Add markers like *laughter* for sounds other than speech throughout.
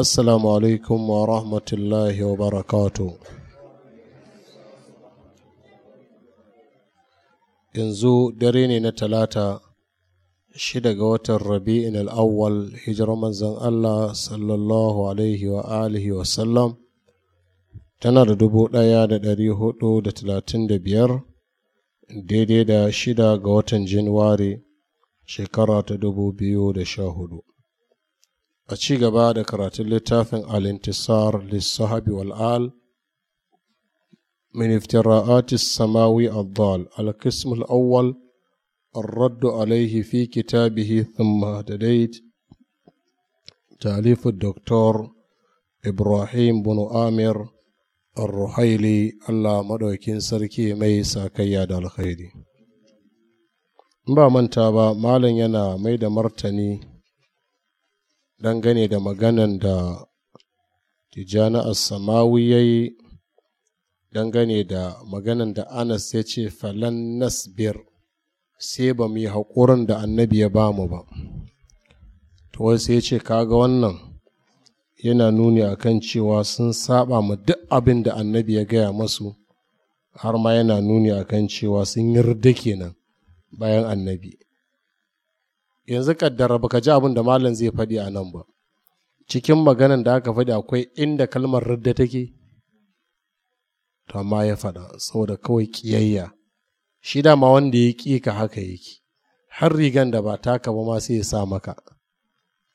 السلام wa ورحمة الله yanzu dare ne na talata shida ga watan rabi'in al'awwal hijirar manzan Allah sallallahu alaihi wa alihi wa sallam tana da dubu ɗaya da ɗari hudu da talatin da biyar daidai da shida ga watan januwari shekara ta dubu biyu da sha hudu a ci gaba da karatun littafin al-intisar lissahabi wal'al min iftira'atis samawi al-dal al-qism al-awwal ar-raddu alayhi fi kitabihi thumma tadayt ta'lifu dr ibrahim bin amir ruhaili Allah madaukin sarki mai sakayya da alkhairi ba manta ba malam yana mai da martani dangane da maganan da tijjani assamawi ya yi dangane da maganan da anas ya ce falan nasbir sai ba mu yi haƙurin da annabi ya ba mu ba to sai ya ce kaga wannan yana nuni akan cewa sun saba mu duk abin da annabi ya gaya masu har ma yana nuni akan cewa sun yarda kenan bayan annabi yanzu kaddara baka ji abin da malam zai faɗi a nan ba cikin maganan da aka faɗi akwai inda kalmar radda take to amma ya faɗa saboda kawai ƙiyayya shi dama wanda ya ƙi ka haka yake har rigan da ba taka ba ma sai ya sa maka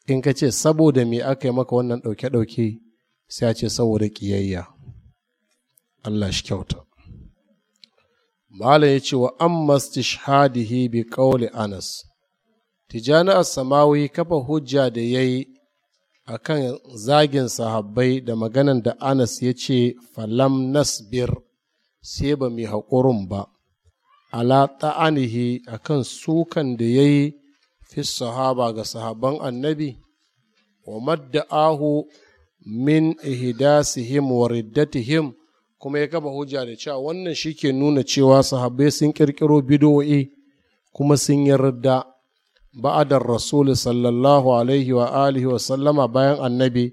in ka ce saboda me aka yi maka wannan ɗauke-ɗauke sai a ce saboda ƙiyayya Allah shi kyauta Malam ya ce wa an mastishhadihi bi ƙauli Anas tijjani samawi kafa hujja da ya yi a kan zagin sahabbai da maganan da anas ya ce falam nasbir sai ba mai haƙurin ba ala ta'anihi a kan sukan da ya yi fi sahaba ga sahabban annabi wa madda'ahu min ihdasihim wa riddatihim kuma ya kafa hujja da cewa wannan shi ke nuna cewa sahabbai sun ƙirƙiro bidowi kuma sun yi ridda ba'adar rasul sallallahu alaihi wa alihi wa sallama bayan annabi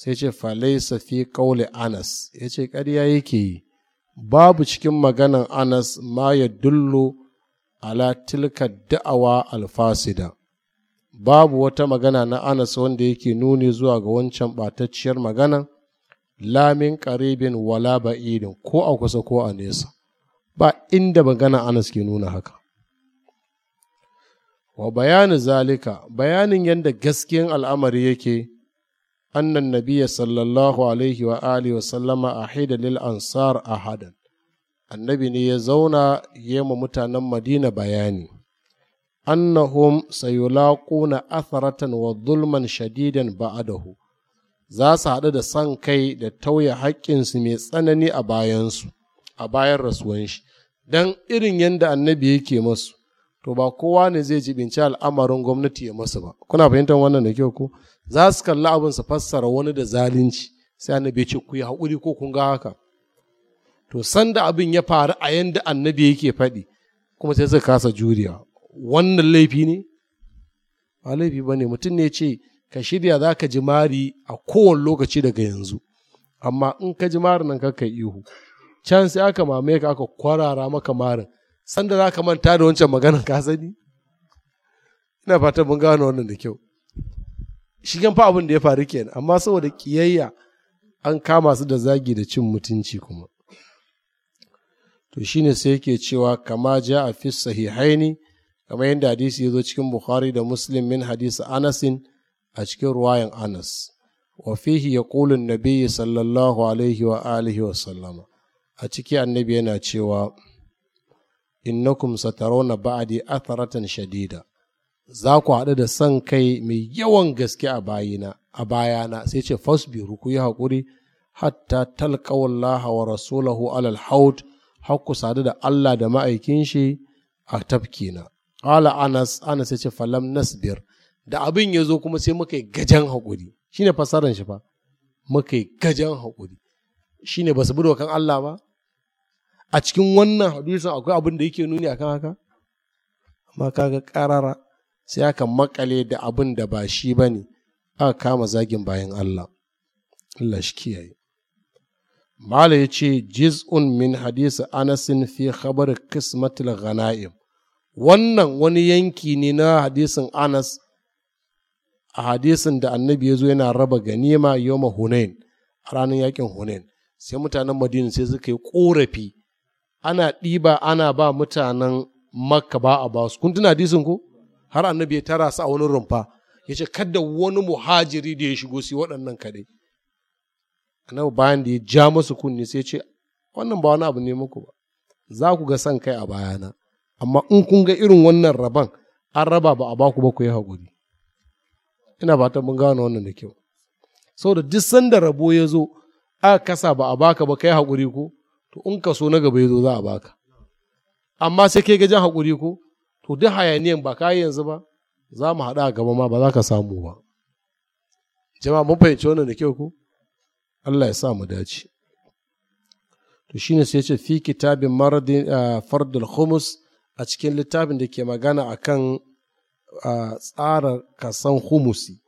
sai ce falaisa fi kauli anas ya ce ƙarya yake yi babu cikin maganan anas ma ya dullo ala tilka da'awa alfasida babu wata magana na anas wanda yake nuni zuwa ga wancan ɓatacciyar magana lamin karibin wala ba'idin ko a kusa ko a nesa ba inda magana anas ke nuna haka wa bayani zalika bayanin yadda gaskiyan al'amari yake annan nabiya sallallahu alaihi wa alihi wa sallama a lil ansar a hadan annabi ne ya zauna ya ma mutanen madina bayani annahum sayulaquna atharatan wa dhulman shadidan ba'adahu za su haɗu da san kai da tauye haƙƙinsu mai tsanani a bayansu a bayan rasuwan shi don irin yadda annabi yake masu to ba kowa ne zai binci al'amarin gwamnati ya masu ba kuna fahimtar wannan da kyau ko za su kalli abin su fassara wani da zalunci sai annabi ya ce ku yi haƙuri ko kun ga haka to sanda abin ya faru a yanda annabi yake faɗi kuma sai suka kasa juriya wannan laifi ne ba laifi ba ne mutum ne ce ka shirya za ka ji mari a kowane lokaci daga yanzu amma in ka ji marin nan kakka ihu can sai aka mamaye ka aka kwarara maka marin sanda za ka manta da wancan maganar ka sani ina fata mun gano wannan da kyau shigan fa abin da ya faru kenan amma saboda kiyayya an kama su da zagi da cin mutunci kuma to shine sai yake cewa kama ja a fi sahihaini kamar yadda hadisi ya zo cikin bukhari da muslim min hadisi anasin a cikin ruwayan anas wa fihi ya kulun nabi sallallahu alaihi wa alihi wa sallama a ciki annabi yana cewa innakum satarawna ba'di atharatan shadida za ku haɗu da san kai mai yawan gaske a bayina a bayana sai ce fasbiru ku yi haƙuri hatta talqawallaha wa rasulahu alal haut har sadu da Allah da ma'aikin shi a tafkina qala anas anas sai ce falam nasbir da abin ya zo kuma sai muka yi gajen haƙuri shine fasaran shi fa muka yi gajen haƙuri shine ba su bi kan Allah ba a cikin wannan hadisin akwai abin da yake nuni akan haka amma kaga karara sai aka makale da abin da ba shi bane ne aka kama zagin bayan Allah Allah shi kiyaye Mala ya ce jiz'un min hadisi anasin fi khabar qismatil ghanaim wannan wani yanki ne na hadisin anas a hadisin da annabi ya zo yana raba ganima yoma hunain a ranar yakin hunain sai mutanen madina sai suka yi korafi ana ɗiba ana ba mutanen makka ba a basu kun tuna hadisin ko har annabi ya tara su a wani rumfa ya ce kada wani muhajiri da ya shigo su waɗannan kaɗai annabi bayan da ya ja masu kunni sai ce wannan ba wani abu ne muku ba za ku ga son kai a bayana amma in kun ga irin wannan rabon an raba ba a baku ba ku yi haƙuri ina ba ta mun gano wannan da kyau saboda duk sanda rabo ya zo aka kasa ba a baka ba kai haƙuri ko to in ka so na gaba ya zo za a baka amma sai kai gajen haƙuri ko to duk hayaniyan ba ka yanzu ba za mu haɗa a gaba ma ba za ka samu ba jama'a mun fahimci wannan da kyau ko Allah ya sa mu dace to shine sai ce fi kitabin maradin fardul humus a cikin littafin da ke magana akan tsara kasan humusi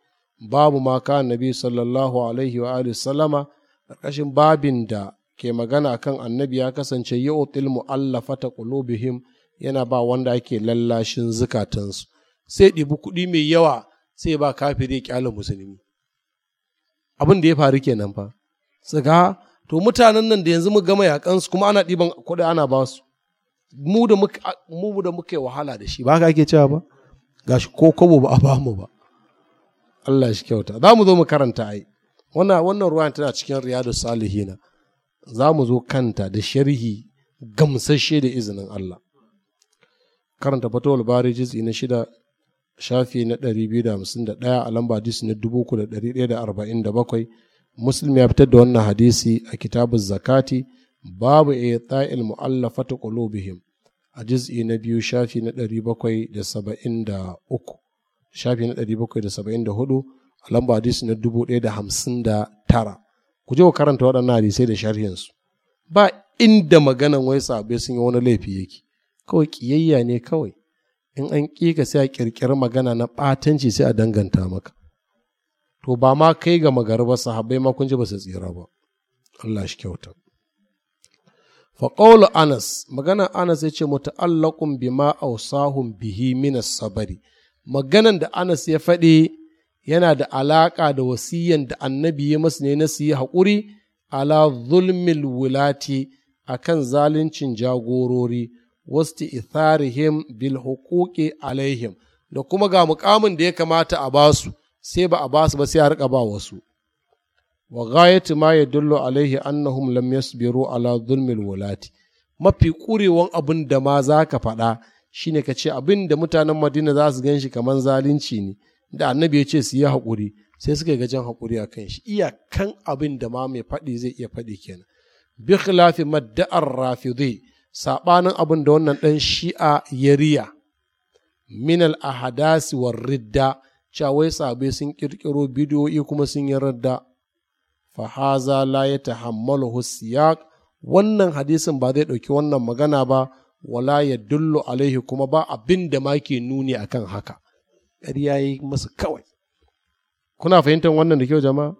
babu ma ka nabi sallallahu alaihi wa alihi sallama ƙarƙashin babin da ke magana kan annabi ya kasance yu'til mu'allafata qulubihim yana ba wanda ake lallashin zukatansu sai ɗibi kuɗi mai yawa sai ba kafiri kyalin musulmi abin ya faru kenan fa tsaka to mutanen nan da yanzu mu gama yakansu kuma ana ɗiban kuɗi ana ba su mu da mu da muke wahala da shi ba ka ake cewa ba gashi ko kobo ba a ba mu ba Allah shi kyauta za mu zo mu karanta ai wannan wannan ruwan tana cikin riyadu salihina za mu zo kanta da sharhi gamsashe da izinin Allah karanta fatawar bari jitsi na shida shafi na ɗari biyu da da hamsin ɗaya, a lamba hadisi na dubu da da ɗari ɗaya arba'in bakwai. muslim ya fitar da wannan hadisi a kitabun zakati babu a ta'il mu'allafata bihim, a jiz'i na biyu shafi na ɗari bakwai da saba'in uku shafi na hudu, a lamba hadisi na dubu ɗaya da da hamsin tara. ku je ku karanta waɗannan hadisai da sharhinsu ba inda maganan wai sabe sun yi wani laifi yake kawai kiyayya ne kawai in an ƙika sai a ƙirƙiri magana na ɓatanci sai a danganta maka to ba ma kai ga magarba sahabbai ma kun ji ba su tsira ba Allah shi kyauta faƙaulu anas magana anas ya ce muta'allaqun bima ausahun bihi minas sabari maganan da anas ya faɗi yana da alaƙa da wasiyan da annabi ya masu ne na su yi haƙuri ala zulmil wulati a kan zaluncin jagorori wasti itharihim bil hukuki alaihim da kuma ga mukamin da ya kamata a basu sai ba a basu ba sai a riƙa ba wasu wa ghayatu ma yadullu alaihi annahum lam yasbiru ala zulmil wulati mafi ƙurewan abin da ma za ka faɗa shine ka ce abin da mutanen madina za su gan shi kamar zalunci ne da annabi ya ce su yi haƙuri sai suka ga jan haƙuri a kan shi iyakan abin da ma mai faɗi zai iya faɗi kenan bi khilafi madda'ar rafidhi sabanin abin da wannan ɗan shi'a ya riya min al ahadasi war ridda cawai sabe sun kirkiro bidiyoyi kuma sun yi radda fa haza la yatahammaluhu siyaq wannan hadisin ba zai ɗauki wannan magana ba wala ya dullo alaihi kuma ba abin da ma ke nuni akan haka ƙarya yi masu kawai kuna fahimtar wannan da kyau jama'a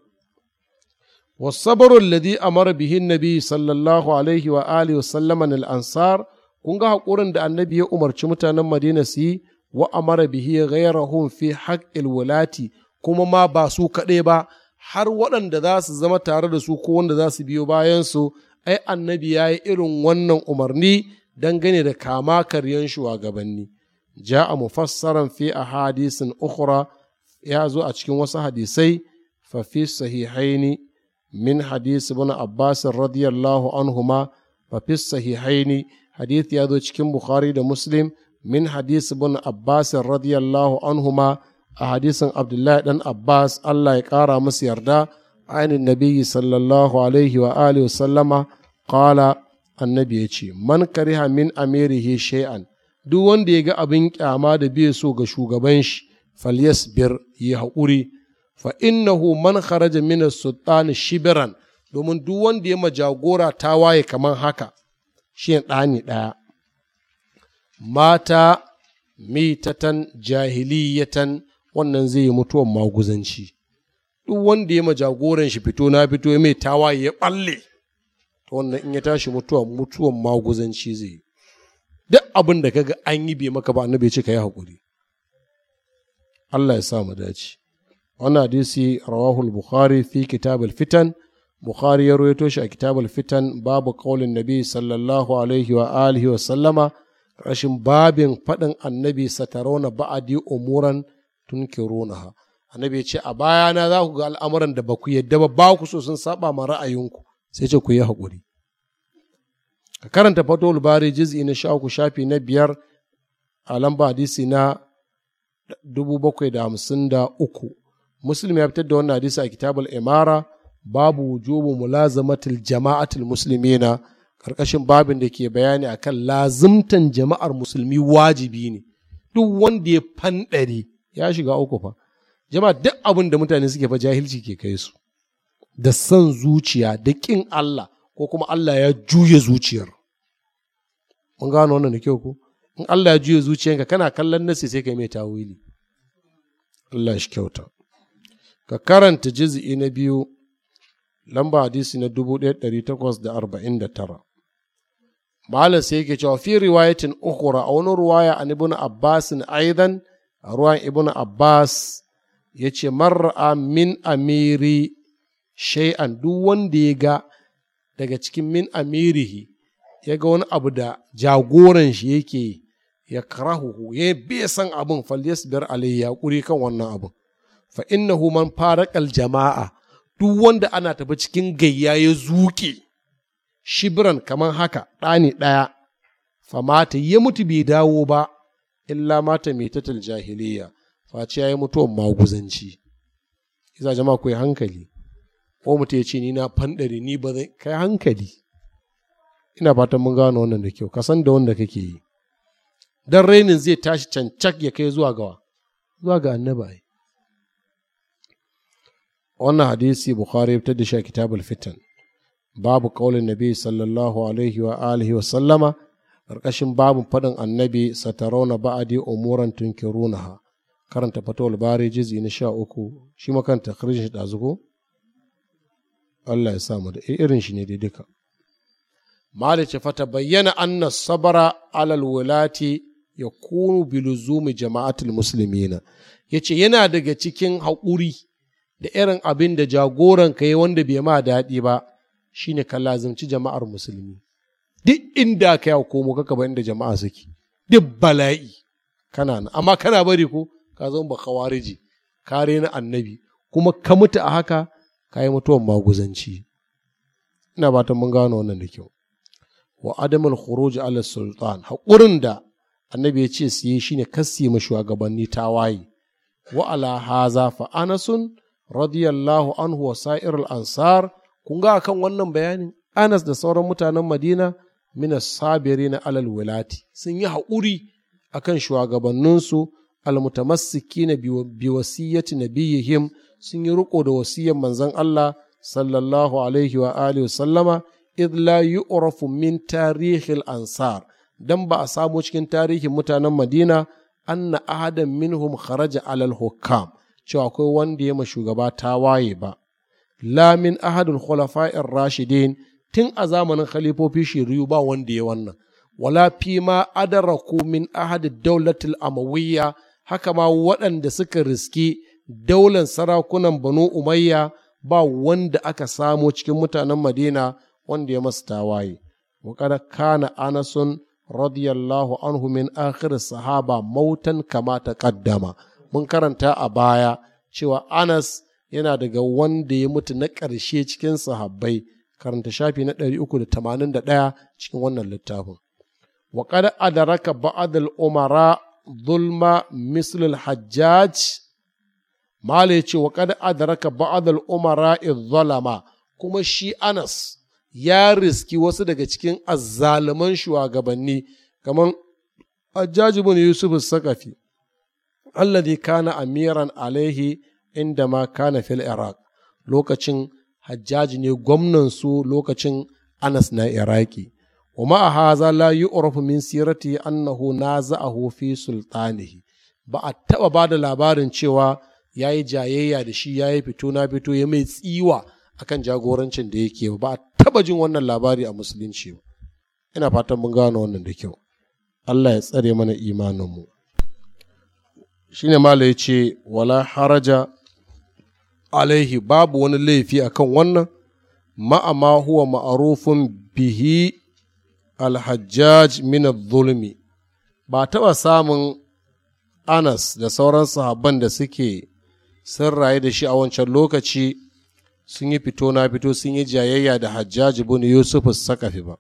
wasabarun ladi amara bihin nabi sallallahu alaihi wa alihi sallama al ansar kun ga haƙurin da annabi ya umarci mutanen madina su yi wa amara bihi ghayrahum fi haqqil wulati kuma ma ba su kaɗai ba har waɗanda za su zama tare da su ko wanda za su biyo bayan su ai annabi ya yi irin wannan umarni dangane da kama karyan shugabanni ja'a mufassaran fi ahadisin ukhra ya zo a cikin wasu hadisai fa fi sahihaini min hadisi ibn abbas radiyallahu anhuma fa fi sahihaini hadith ya zo cikin bukhari da muslim min hadisi ibn abbas radiyallahu anhuma a hadisin abdullahi dan abbas Allah ya kara musu yarda ainin nabiyyi sallallahu alaihi wa alihi wa sallama qala annabi ya ce man min amirihi duk wanda ya ga abin kyama da bai so ga shugaban shi falyasbir yi haƙuri fa innahu man kharaja min as-sultan shibran domin duk wanda ya majagora waye kaman haka shi ɗani ɗaya mata mitatan jahiliyatan wannan zai yi mutuwan maguzanci duk wanda ya majagoran shi fito na fito mai tawaye ya balle to wannan in ya tashi mutuwan mutuwan maguzanci zai yi duk abin da kaga an yi bai maka ba annabi ce ka yi haƙuri Allah ya sa mu dace wannan hadisi rawahul bukhari fi kitabul fitan bukhari ya rawaito shi a kitabul fitan babu qaulin nabi sallallahu alaihi wa alihi wa sallama rashin babin faɗin annabi satarona ba'adi umuran tunkirunaha annabi ya ce a bayana za ku ga al'amuran da ba ku yadda ba ba ku so sun saba ma ra'ayinku sai ce ku yi hakuri. ka karanta fatul bari jiz'i na sha uku shafi na biyar a lamba hadisi na dubu bakwai da hamsin da uku muslim ya fitar da wannan hadisi a kitabul imara babu wujubu mulazamatil jama'atul muslimina karkashin babin da ke bayani akan lazimtan jama'ar musulmi wajibi ne duk wanda ya fanɗare ya shiga uku fa jama'a duk abin da mutane suke fa jahilci ke kai su da son zuciya da ƙin Allah ko kuma Allah ya juye zuciyar mun gano wannan da kyau ko in Allah ya juye zuciyarka kana kallon nasi sai kai mai tawili Allah shi kyauta ka karanta jazi'i na biyu lamba hadisi na tara. malam sai yake cewa fi riwayatin ukhra a wani ruwaya an ibn abbas aidan a ruwan ibn abbas ce mar'a min amiri shay'an duk wanda ya ga daga cikin min amirihi ya ga wani abu da jagoran shi yake ya karahu ya bai san abin falyas biyar alayhi kuri kan wannan abin fa innahu man farakal jama'a duk wanda ana tafi cikin gayya ya zuke shibran kamar haka ɗani ɗaya fa mata ya mutu bai dawo ba illa mata mai tattal jahiliya face ya yi mutuwan maguzanci iza jama'a ku hankali ko mutum ya ce ni na fandare ni ba zai kai hankali ina fatan mun gano wannan da kyau ka san da wanda kake yi dan rainin zai tashi cancak ya kai zuwa gawa zuwa ga ai wannan hadisi bukhari ya fitar da shi a kitabul fitan babu kaulin nabi sallallahu alaihi wa alihi wa sallama karkashin babun faɗin annabi satarauna ba'adi umuran tunkirunaha karanta fatawul bari jizi na sha uku shi makan takririn shi ɗazuko Allah ya sa mu da eh, irin shi ne dai duka malice fata bayyana anna sabara alal wulati ya kunu biluzumi jama'atul Ya ce yana daga cikin haƙuri da irin abin da jagoran ka yi wanda bai ma daɗi ba shine ka lazimci jama'ar musulmi duk inda ka yau komo kaka bayan inda jama'a suke duk bala'i kana nan amma kana bari ko ka zama ba kawariji kare na annabi kuma ka mutu a haka ka yi mutuwan maguzanci ina ba ta mun gano wannan da kyau wa adamul khuruj ala sultan haƙurin da annabi ya ce su yi shine kasi ma shugabanni tawaye wa ala haza fa anasun radiyallahu anhu wa al ansar kun ga kan wannan bayanin anas da sauran mutanen madina Min sabiri na alal wilati sun yi haƙuri akan shugabanninsu mutamassikin bi biwasiyyati nabiyihim sun yi riƙo da wasiyyar manzon Allah sallallahu alaihi wa alihi wa sallama la yu'rafu min tarihil ansar dan ba a samu cikin tarihin mutanen Madina anna ahadan minhum kharaja alal hukam cewa akwai wanda ya ma shugaba ta waye ba la min ahadul khulafa'ir rashidin tun a zamanin khalifofi shiriyu ba wanda ya wannan wala fi ma adaraku min ahadid daulatil amawiyya haka ma waɗanda suka riski daular sarakunan banu umayya ba wanda aka samo cikin mutanen madina wanda ya masu tawaye wa kana anasun radiyallahu anhu min akhir sahaba mautan kama ta kaddama mun karanta a baya cewa anas yana daga wanda ya mutu na ƙarshe cikin sahabbai karanta shafi na 381 cikin wannan littafin wa adaraka ba'adul umara zulma mislul hajjaj mala ya ce wa kada adraka ba'adar umara zalama kuma shi anas ya riski wasu daga cikin azzaluman shugabanni kamar hajjaji yusuf sakafi alladhi kana amiran alaihi inda ma kana fil iraq lokacin hajjaji ne gwamnansu lokacin anas na iraki وما هذا لا يعرف من سيرته أنه نازعه في سلطانه ba a taɓa ba da labarin cewa ya yi jayayya da shi ya yi fito na fito ya mai tsiwa akan jagorancin da yake ba a taba jin wannan labari a musulunci ba ina fatan mun gano wannan da kyau Allah ya tsare mana imaninmu shine mala ya ce wala haraja alaihi babu wani laifi akan wannan ma'ama huwa ma'arufin bihi alhajjaj min zulmi ba taɓa samun anas da sauran sahabban da suke sun rayu da shi a wancan lokaci sun yi fito na fito sun yi jayayya da hajjaji bin yusuf sakafi ba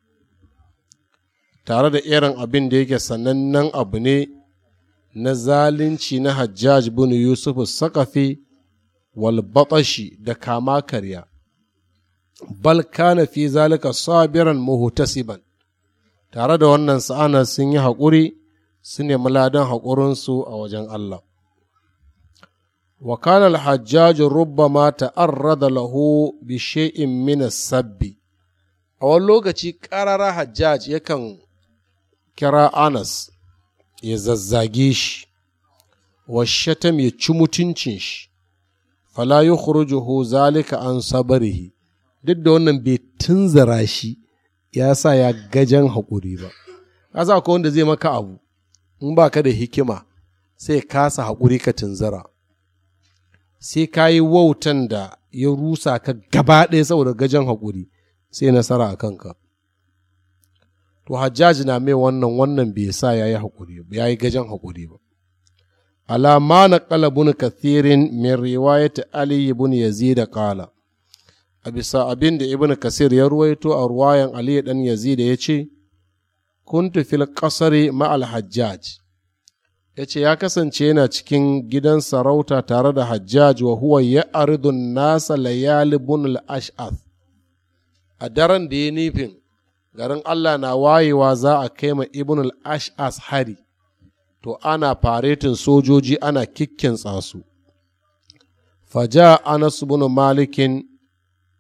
tare da irin abin da yake sanannen abu ne na zalunci na hajjaji bin yusuf sakafi walbatashi da kama karya bal kana fi zalika sabiran muhtasiban tare da wannan sa'ana sun yi haƙuri su nemi ladan haƙurinsu a wajen Allah وكان الحجاج ربما تعرض له بشيء من السب a wani lokaci ƙarara hajjaj yakan kira anas ya zazzage shi washatam ya ci mutuncin shi fala yi khurujuhu zalika an sabarihi duk da wannan bai tunzara shi ya sa ya gajen haƙuri ba ƙasa akwai wanda zai maka abu in ba ka da hikima sai kasa haƙuri ka tunzara sai ka yi wautan da ya rusa ka gaba ɗaya saboda gajen haƙuri sai nasara a kanka to hajjaji na mai wannan wannan bai sa ya yi haƙuri ya yi gajen haƙuri ba alama na ƙalabun kathirin min riwayat ali ibn yazid ƙala. a bisa abin da ibn kasir ya ruwaito a ruwayan ali dan yazid ya ce kuntu fil ƙasar ma al hajjaj ya ce ya kasance yana cikin gidan sarauta tare da hajjaj wa huwa ya aridun nasa layali bunul ash'ath a daren da ya nufin garin allah na wayewa za a kai ma ibnul ash'ath hari to ana faretin sojoji ana kikkin tsasu faja anas bin malikin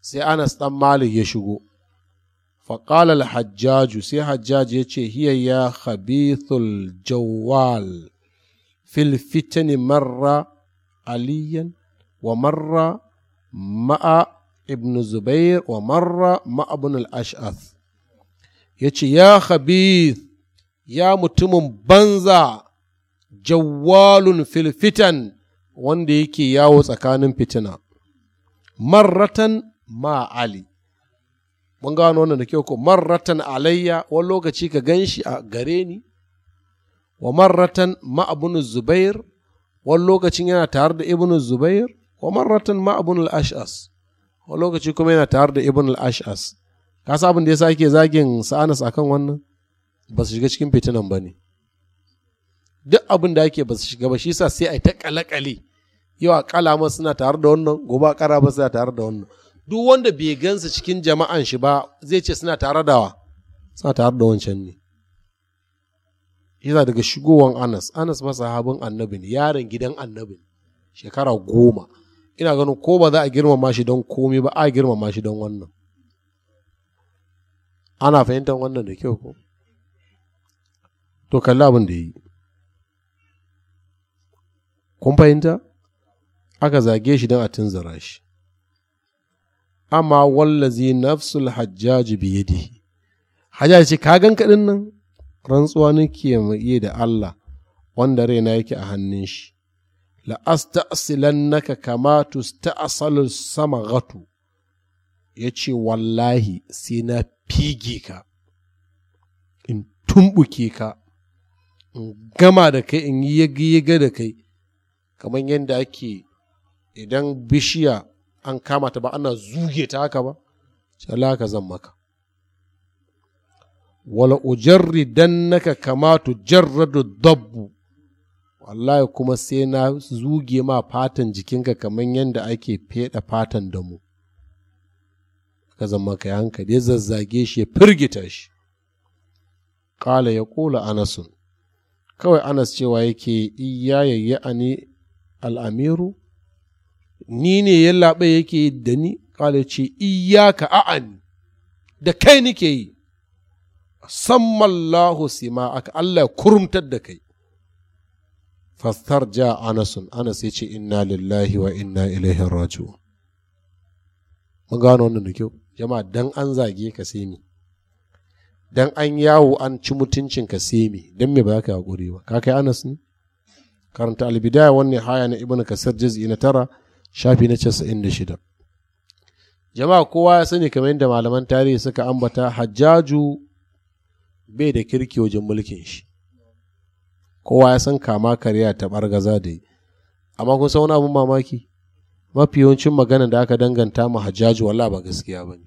sai anas dan malik ya shigo faƙalar hajjaju sai hajjaji ya ce hiya ya khabithul jawwal fil marra aliyan wa marra ma'a ibn zubair wa marra ma'a ibn al ya ce ya habib ya mutumin banza jawalun fil wanda yake yawo tsakanin fitina marratan ma ali mun gano wannan da kyau ko marratan alayya wani lokaci ka gan shi a gare ni wa marratan ma zubair wani lokacin yana tare da ibn zubair wa marratan ma abun al-ash'as wani lokaci kuma yana tare da ibn al-ash'as ka sa abin da yasa sake zagin sa'anas akan wannan ba su shiga cikin fitinan ba ne duk abin da ake ba su shiga ba shi sa sai a yi ta kalakale yau a kala masu suna tare da wannan gobe a kara ba suna tare da wannan duk wanda bai gansa cikin jama'an shi ba zai ce suna tare da wa suna tare da wancan ne yana daga shigowan anas anas ba sahabin annabi ne yaron gidan annabi ne shekara goma ina ganin ko ba za a girmama shi don komi ba a girmama shi don wannan ana fahimtar wannan da kyau ko to kalli abin da yi kun fahimta aka zage shi don a tunzara shi amma wallazi nafsul hajjaji biyadihi hajjaji ce ka gan kaɗin nan rantsuwa nake mu da Allah wanda raina yake a hannun shi la'asta'silannaka kama tusta'salu Ya yace wallahi sai na fige ka in tumbuke ka in gama da kai in yi yaga da kai kamar yadda ake idan bishiya an kama ta ba ana zuge ta haka ba shi Allah zan maka wala ujarri dannaka kama jarradu dabbu wallahi kuma sai na zuge ma fatan jikinka kamar yadda ake feda fatan da mu ka zama ka hankali ya zazzage shi ya firgita shi kala ya kula anasun kawai anas cewa yake iya yayya'ani al'amiru ni ne ya laɓe yake da ni kala ce iyaka a'ani da kai nike yi sammallahu sima aka Allah ya kurumtar da kai fastar ja anasun anas ya ce inna lillahi wa inna ilaihi raji'un mun gano wannan da kyau jama'a dan an zage ka sai mi dan an yawo an ci mutuncin ka sai mi dan me ba ka hakuri ba ka kai anas ne karanta albidaya wannan haya na ibnu kasar juz'i na tara shafi na 96 jama'a kowa ya sani kamar yadda malaman tarihi suka ambata hajjaju bai da kirki wajen mulkin shi kowa ya san kama karya ta bargaza da yi amma kun sauna abin mamaki mafi yawancin magana da aka danganta ma hajjaji wala ba gaskiya ba ne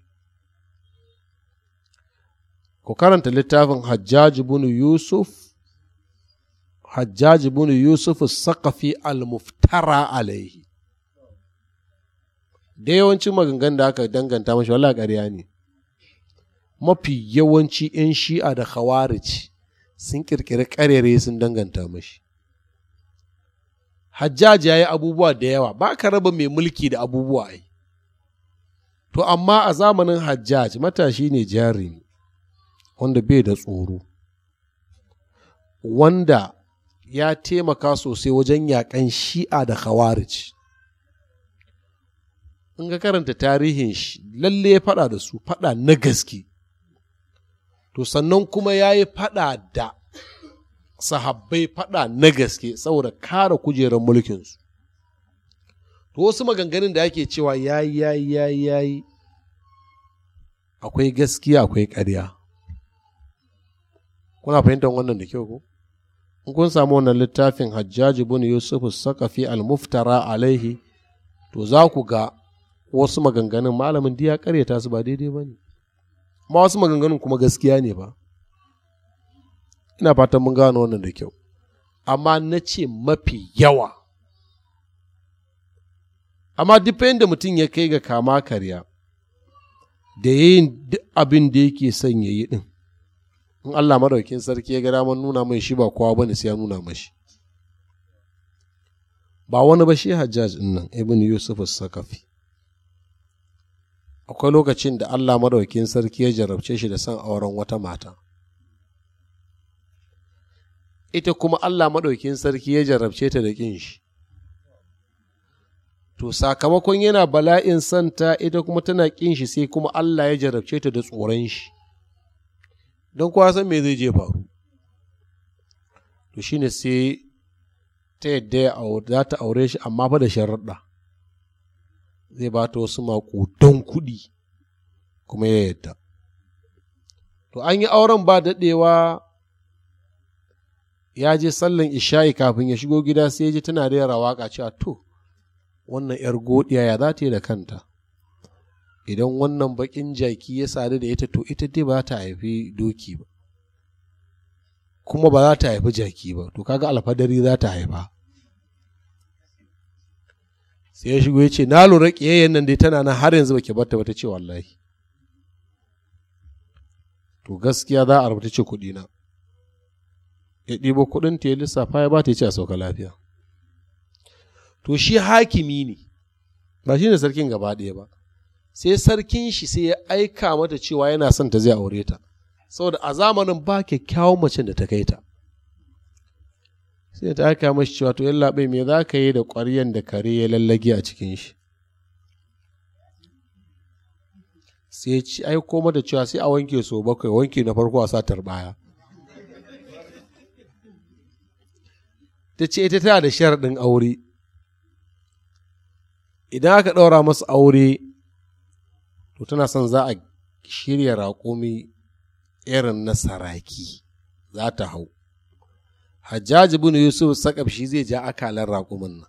ku karanta littafin hajjaji bunu yusuf hajjaji bunu yusuf sakafi almuftara muftara alaihi da yawancin maganganun da aka danganta mashi wala ƙarya ne mafi yawanci 'yan shi'a da khawarij sun kirkiri karere sun danganta mashi hajjaji ya yi abubuwa da yawa ba ka raba mai mulki da abubuwa ai to amma a zamanin hajjaji matashi ne jarumi wanda bai da tsoro wanda ya taimaka sosai wajen yakan shi'a da khawarij in ka karanta tarihin shi lalle ya faɗa da su faɗa na gaske to sannan kuma ya yi faɗa da sahabbai faɗa na gaske saboda kara kujerar mulkinsu to wasu maganganun da ake cewa ya yi ya yi ya yi akwai gaskiya akwai ƙarya kuna fahimtar wannan da kyau ko in kun samu wannan littafin hajjaji bin yusufu sakafi Al-Muftara, alaihi to za ku ga wasu maganganun malamin diya karyata su ba daidai ba ne ma wasu maganganun kuma gaskiya ne ba ina fatan mun gano wannan da kyau amma na ce mafi yawa amma duk da mutum ya kai ga kama karya da yin duk abin da yake son ya yi ɗin in Allah maɗaukin sarki ya ga damar nuna mai shi ba kowa ne sai ya nuna mashi ba wani ba shi hajjaj nan ibn yusuf sakafi akwai lokacin da Allah maɗaukin sarki ya jarabce shi da son auren wata mata ita kuma Allah maɗaukin sarki ya jarabce ta da ƙin shi to sakamakon yana bala'in santa ita kuma tana ƙin shi sai kuma Allah ya jarabce ta da tsoron shi don kowa san me zai je faru to shine sai ta yadda za ta aure shi amma fa da sharaɗa zai ba ta wasu makudan kuɗi kuma ya yadda to an yi auren ba daɗewa ya je sallan isha'i kafin ya shigo gida sai ya ji tana da yara waka cewa to wannan yar godiya ya za ta yi da kanta idan wannan bakin jaki ya sadu da ita to ita dai ba ta haifi doki ba kuma ba za ta haifi jaki ba to kaga alfadari za ta haifa sai ya shigo ya ce na lura ƙiyayyen nan dai tana nan har yanzu baki bata ba ce wallahi to gaskiya za a rubuta ce kuɗi na ya ɗibo kuɗin ta ya lissafa ya bata ta ya ce a sauka lafiya to shi hakimi ne ba shi ne sarkin gaba ɗaya ba sai sarkin shi sai ya aika mata cewa yana son ta zai aure ta saboda a zamanin ba kyakkyawan macen da ta kai ta sai ta aika mashi cewa to yallaɓai me za ka yi da ƙwaryan da kare ya lallage a cikin shi sai ci koma da cewa sai a wanke so bakwai wanke na farko a satar baya ta ce ita tana da sharaɗin aure idan aka ɗaura masu aure to tana son za a shirya raƙumi irin na saraki za ta hau hajjaji bin yusuf sakab shi zai ja akalar raƙumin nan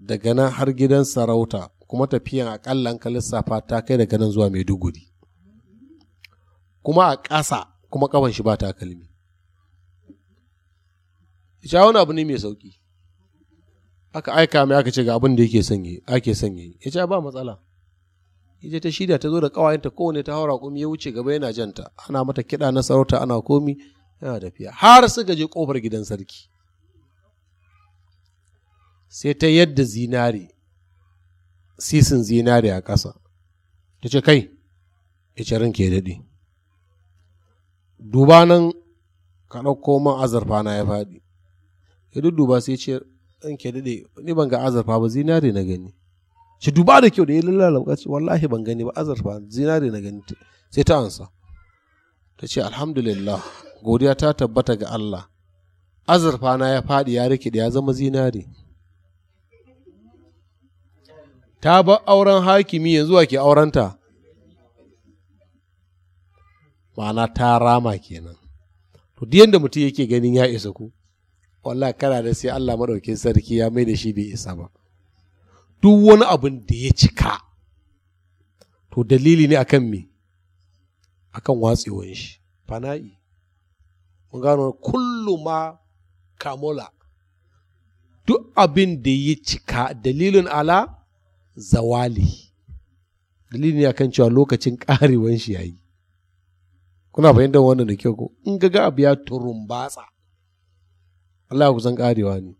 daga nan har gidan sarauta kuma tafiyan aƙalla ka lissafa ta kai daga nan zuwa maiduguri kuma a ƙasa kuma ƙafan shi ba takalmi wani abu ne mai sauƙi aka aika mai aka ce ga abin da yake sanye ake sanye ya ce ba matsala ce ta shida ta zo da ƙawayenta kowane ta haura kuma ya wuce gaba yana janta ana mata kiɗa na sarauta ana komi yana tafiya har suka je ƙofar gidan sarki sai ta yadda zinari sisin zinari a ƙasa ta ce kai icarin ke daɗi duba nan ka ɗauko man azurfa na ya faɗi ya dudduba sai ce in ke daɗe ni ban ga azurfa ba zinari na gani ce duba da kyau da ya lalala ce wallahi ban gani ba azurfa zinari na gani sai ta ansa ta ce alhamdulillah godiya ta tabbata ga Allah azurfa na ya faɗi ya da ya zama zinari ta bar auren hakimi yanzu ke aurenta ma'ana ta rama kenan to duk mutum yake ganin ya isa ku wallahi kana da sai Allah madaukin sarki ya mai da shi bai isa ba duk wani abin da ya cika to dalili ne akan me akan watsewan shi fana'i mun gano kullu ma kamula duk abin da ya cika dalilin ala zawali dalilin ya kan cewa lokacin karewan shi yi kuna fahimtar wannan da kyau ko in ga abu ya turumbatsa Allah kusan karewa ne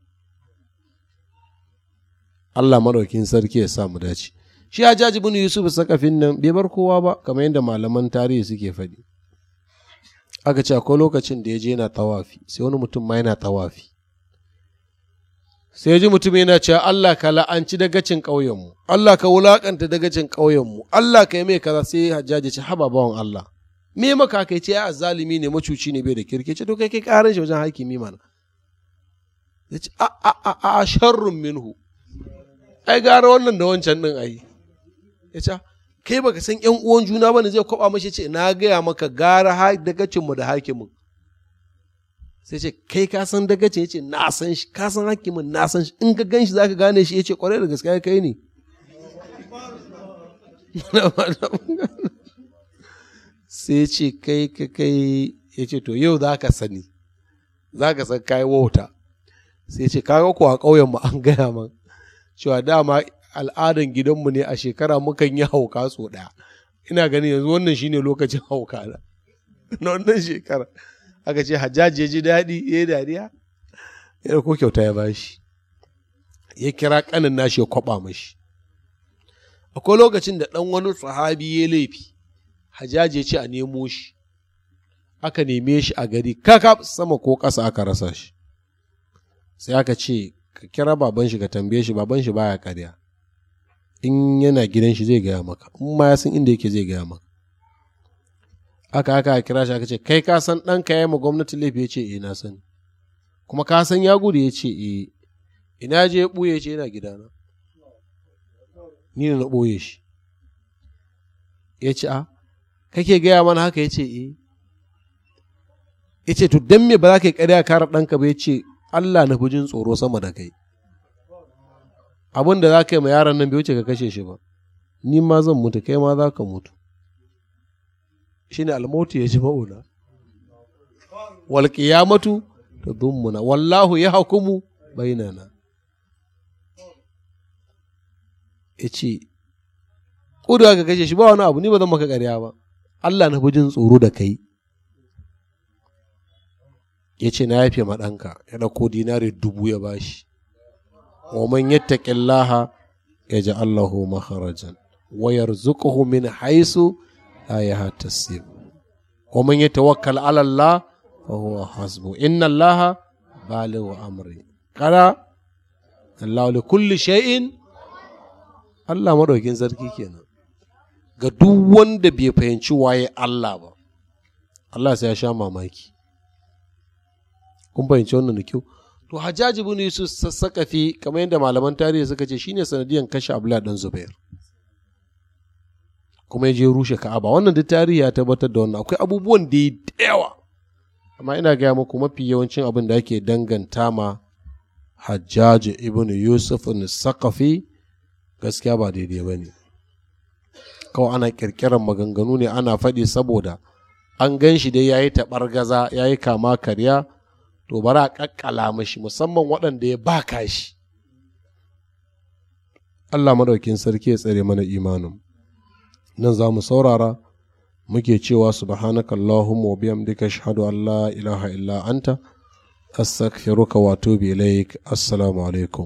Allah madaukin sarki ya samu mu dace shi ya jaji bin Yusuf sakafin nan bai bar kowa ba kamar yadda malaman tarihi suke faɗi aka ce akwai lokacin da ya je yana tawafi sai wani mutum ma yana tawafi sai ji mutum yana cewa Allah ka la'anci dagacin ƙauyenmu Allah ka wulaƙanta dagacin ƙauyenmu Allah ka yi mai kaza sai hajjaji ce haba bawan Allah me maka kai ce ya zalimi ne macuci ne bai da kirki ce to kai kai karin shi wajen hakimi mana ya ce a a a a sharrun minhu ai gara wannan da wancan din ai ya ce kai baka san yan uwan juna bane zai kwaba mashi ce na gaya maka gara ha dagacin mu da hakimin sai ce kai ka san dagacin yace na san shi ka san hakimin na san shi in ka gan shi zaka gane shi yace kwarai da gaskiya kai ne *laughs* sai ce kai ka kai yace to yau zaka sani zaka san kai wauta sai ce kaga ko a ƙauyen mu an gaya man cewa dama al'adan gidanmu ne a shekara mukan yi hauka so ɗaya ina ganin yanzu wannan shine lokacin hauka *laughs* na wannan shekara aka ce hajjaji ya ji daɗi ya yi dariya ya ko kyauta ya bashi ya kira kanin nashi ya kwaba mashi akwai lokacin da ɗan wani sahabi ya laifi hajjaji ya ce a nemo shi aka neme shi a gari kakaf sama ko ƙasa aka rasa shi sai aka ce ka kira baban shi ka tambaye shi baban shi baya karya in yana gidan shi zai gaya maka in ma ya san inda yake zai gaya maka aka aka kira shi aka ce kai ka san dan ya yi ma gwamnati laifi ya ce eh na sani kuma ka san ya gudu ya ce eh ina je buye ɓuye ce yana gidana ni ne na ɓoye shi ya a kake gaya mana haka ya ce eh yace to dan me ba za ka yi ƙarya kare ɗanka ba ya ce Allah na fi jin tsoro sama da kai abin da za ka yi ma yaran nan bai wuce ka kashe shi ba ni ma zan mutu kai ma za ka mutu shi ne almoti ya ji ma'una wal qiyamatu dummuna wallahu ya hukumu bainana ce kudu ka kashe shi ba wani abu ni ba zan maka ƙarya ba Allah na bujin jin tsoro da kai ya ce na yafe ma ya ɗauko dinari dubu ya bashi wa man yattaqillaha yaj'al lahu makharajan wa yarzuquhu min haythu la yahtasib wa man yatawakkal 'ala Allah fa huwa hasbu inna Allah balighu amri kada Allah kulli shay'in Allah madaukin sarki kenan ga duk wanda bai fahimci waye Allah ba Allah sa ya sha mamaki kun fahimci wannan da to hajjaji bin yusuf sassaƙafi kamar yadda malaman tarihi suka ce shine sanadiyan kashe abdullahi dan zubair kuma ya je rushe ba wannan da tarihi ya tabbatar da wannan akwai abubuwan da ya yawa amma ina gaya muku mafi yawancin abin da ake danganta ma hajjaji ibn yusuf sakafi gaskiya ba daidai ba ne kawai ana kirkirar maganganu ne ana faɗi saboda an gan shi dai ya yi taɓar gaza ya yi kama karya to bara a ƙaƙƙala mashi musamman waɗanda ya ba kashi. Allah maɗaukin sarki ya tsare mana imanin nan za mu saurara muke cewa subhanaka allahumma wa bihamdika duka shahadu Allah ilaha illa anta astaghfiruka wa atubu ilaik assalamu alaikum